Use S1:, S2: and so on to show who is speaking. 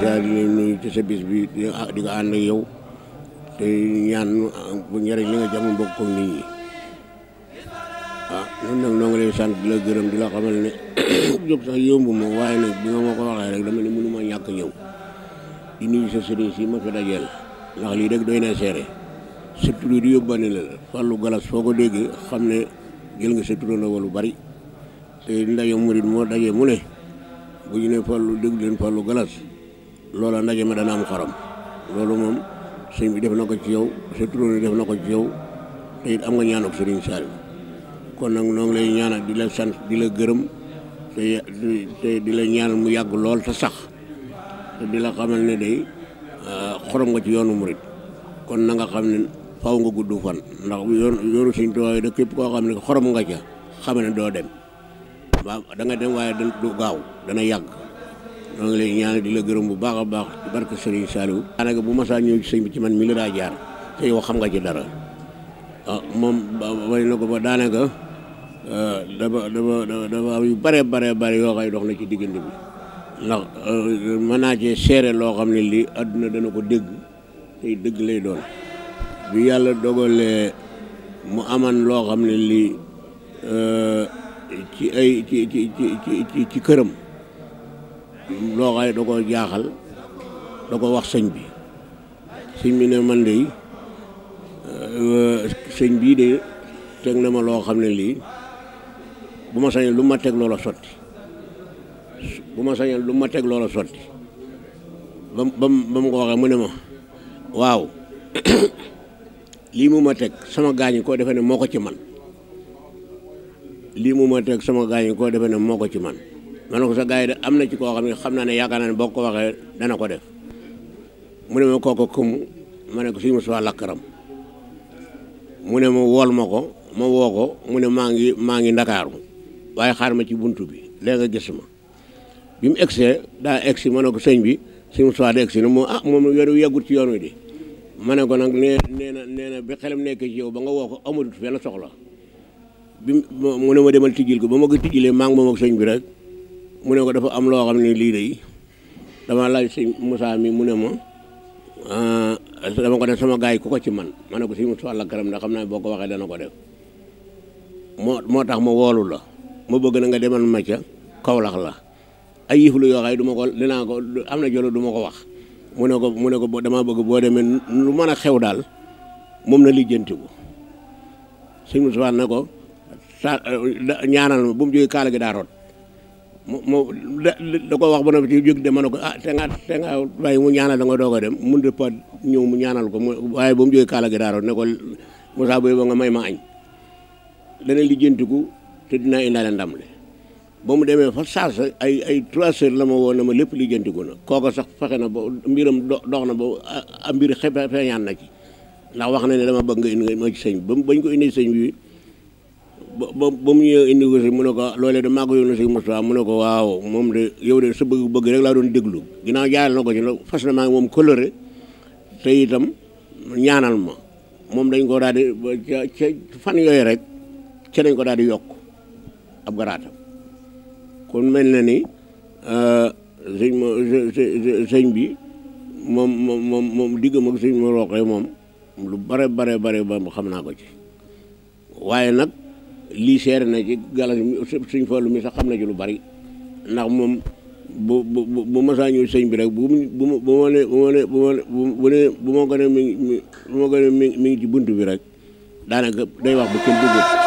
S1: jaar di leen nuyu ci sa bi di di ko yow te ñaan bu njëriñ li nga jàmm bokk ko nit ñi ah noonu nag noo ngi lay sant di la gërëm di la xamal ne jóg sax yomb ma waaye nag bi nga ma ko waxee rek dama ne mënu ma ñàkk ñëw di nuyu sa sëriñ si ma fi dajeel ndax lii rek doy na seere sa tur di yóbbaale la fàllu galas foo ko xam ne jël nga sa turandoo wala lu bari te ndaje murit moo daje mu ne bu ñu ne fàllu dégg leen fàllu galas loola ndaje ma dana am xorom loolu moom sëñ bi def na ko ci yow sa turóoni def na ko ci yow te it am nga ñaanuk sëriñ Saliou kon nag noo ngi lay ñaanal di la sant di la gërëm te di la ñaanal mu yàgg lool te sax te di la xamal ne day ah, xorom nga ci yoonu murit kon na nga xam ne faw nga gudd fan ndax yoon yoonu sëñ Tuubaa yi da képp koo xam ne xorom nga ca xam ne doo dem waaw da nga dem waaye du gaaw dana yàgg ñoo ngi lay ñaanal di la gërëm bu baax a baax ci barke Serigne Saliou. daanaka bu masaa ñëw ci sëñ bi ci man mi la daa jaar te yow xam nga ci dara ah moom way na ba daanaka ah, dafa dafa dafa yu bare bare bare yoo xam dox na ci diggante bi ndax ah, mën naa cee seere loo xam ne lii àdduna dana ko dégg tey dëgg lay doon bi yàlla dogalee mu aman loo xam ne lii ah, ci ay ci ci ci ci këram loo xam ne da jaaxal da ko wax sëñ bi sëñ bi ne man de euh, sëñ bii de teg na ma loo xam ne lii bu ma sañal lu ma teg loola sotti bu ma sañal lu ma teg loola sotti ba mu ba mu ko waxee mu ne ma waaw lii mu ma teg sama gaañi koo defe ne moo ko ci man lii mu ma teg sama gaañi koo defee ne moo ko ci man ma ne ko sa gars yi de am na ci koo xam ne xam naa ne yaakaar naa ne ko waxee dana ko def mu ne ma kooku kum ma ne ko suñu Moussa lakkaram mu ne ma wol ma ko ma woo ko mu ne maa ngi maa ngi ndakaaru waaye xaar ma ci buntu bi léegi gis ma bi mu egsee daa egsi ma ko sëñ bi si suñu Moussa di egsi ne moom ah moom yoru yeggut ci yoon wi di ma ne ko nag nee nee na nee na bi xelam nekkee ci yow ba nga woo ko amatut benn soxla mu ne ma demal tijjil ko ba ma ko tijjilee maa ngi moom ak sëñ bi rek mu ne ko dafa am loo xam ne lii de dama laaj sëñ Moussa mi mu ne ma ah, dama ko def sama gars yi ku ko ci man ma ne ko sëñ Moussa la karam ndax xam naa boo ko waxee dana ko def moo tax ma woolu la ma bëgg na nga demal ma ca Kaolack la ay yëf lu yoo du ma ko dinaa ko am na jolo du ma ko wax mu ne ko mu ne ko damaa bëgg boo demee lu mën a xew daal moom na lijjanti ko sëñ Moussa ne ko sa ñaanal ma bu mu jógee kaala gi daa rot mu da ko wax ba noppi ci jóg de ma ne ko ah te nga te nga bàyyi mu ñaanal da nga doog a dem mun de pas ñëw mu ñaanal ko waaye ba mu jógee kaala gi daaro ne ko Moussa booy ba nga may ma añ dana lijjantiku te dinaa indaale ndam le ba mu demee fa saasa ay ay trois heures la ma woo na ma lépp lijjantiku na kooka sax fexe na ba mbiram dox na ba a mbir xefe feeñaan na ci ndax wax na ne dama bëgg nga indi ma ci sëñ bi ba bañ ko indi señ bi ba ba mu ñëwee indi ko si mu ne ko loolee de maa ko yónnee si Moustapha mu ne ko waaw moom de yow de sa bëgg-bëgg rek la doon déglu ginnaaw jaayal na ko ci la fas na maa ngi moom coloré te itam ñaanal ma moom dañ ko daal di ca fan yooyu rek ca dañ ko daal di yokk ab garaatam kon mel na ni euh, sëñ ma bi moom moom moom moom diggam ak sëñ ma roqee moom lu bare bare bare ba xam naa ko ci waaye nag lii seer na ci galas suñ fallu mi sax xam na ci lu bari ndax moom bu bu bu masaa ñëw sëñ bu bu bu ma ne bu ma ne bu ne bu ma ko ne mi ngi ci bunt bi rek daanaka day wax